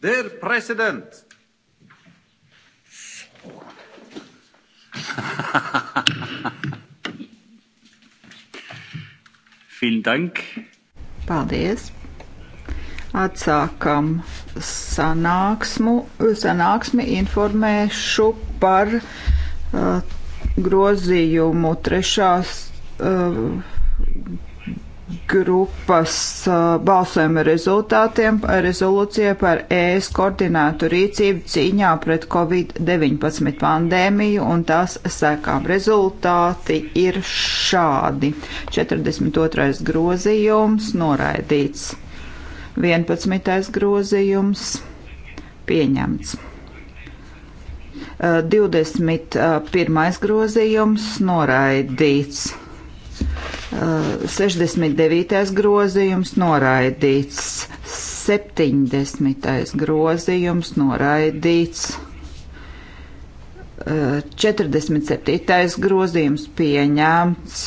Der Präsident! Vielen Dank. Paldies. Atsākam sanāksmu, sanāksmi informēšu par uh, grozījumu trešās. Uh, grupas balsojuma rezultātiem rezolūcija par ES koordinētu rīcību cīņā pret Covid-19 pandēmiju un tās sekām. Rezultāti ir šādi. 42. grozījums noraidīts. 11. grozījums pieņemts. 21. grozījums noraidīts. 69. Eh, grozījums noraidīts, 70. grozījums noraidīts, 47. Eh, grozījums pieņemts,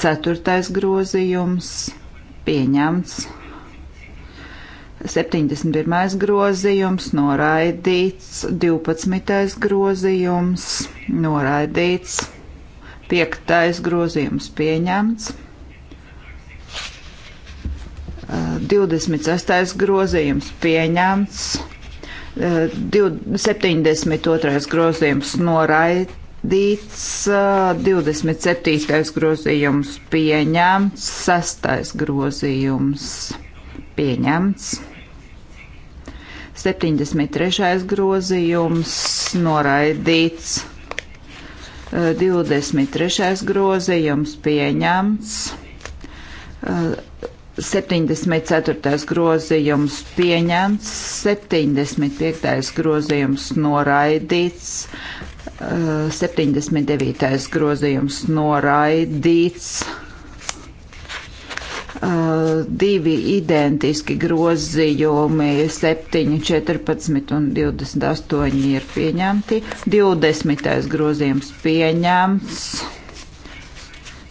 4. grozījums pieņemts, 71. grozījums noraidīts, 12. grozījums noraidīts. Piektais grozījums pieņemts. 26. grozījums pieņemts. 72. grozījums noraidīts. 27. grozījums pieņemts. 6. grozījums pieņemts. 73. grozījums noraidīts. 23. Eh, grozījums pieņemts. 74. Eh, grozījums pieņemts, 75. grozījums noraidīts, 79. Eh, grozījums noraidīts, Uh, divi identiski grozījumi, 7, 14 un 28 ir pieņemti. 20. grozījums pieņemts.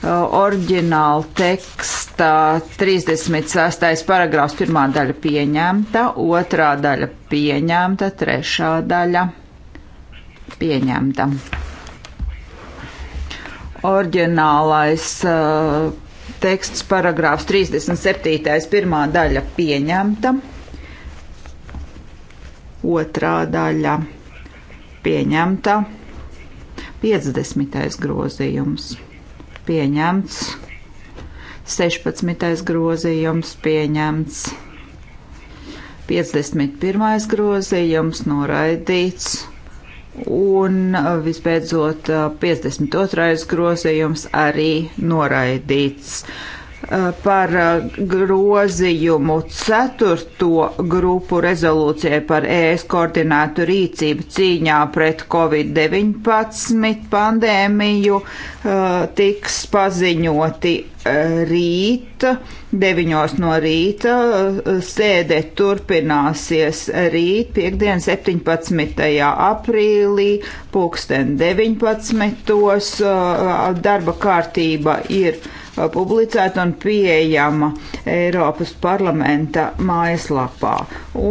Uh, Orģināla teksta 36. paragrāfs pirmā daļa pieņemta, otrā daļa pieņemta, trešā daļa pieņemta. Orģinālais uh, teksts paragrāfs 37. pirmā daļa pieņemta, otrā daļa pieņemta, 50. grozījums pieņemts, 16. grozījums pieņemts, 51. grozījums noraidīts. Un uh, visbeidzot, 52. Uh, grozījums arī noraidīts. Uh, Eh, par eh, grozījumu ceturto grupu rezolūcijai par ES koordinētu rīcību cīņā pret Covid-19 pandēmiju eh, tiks paziņoti rīt, 9 no rīta. Sēde turpināsies rīt, piekdien 17. aprīlī, pulksten 19. Darba kārtība ir Uh, publicēta un pieejama Eiropas parlamenta mājaslapā.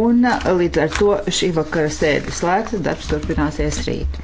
Un uh, līdz ar to šī vakara sēde slēgta, darbs turpināsies rīt.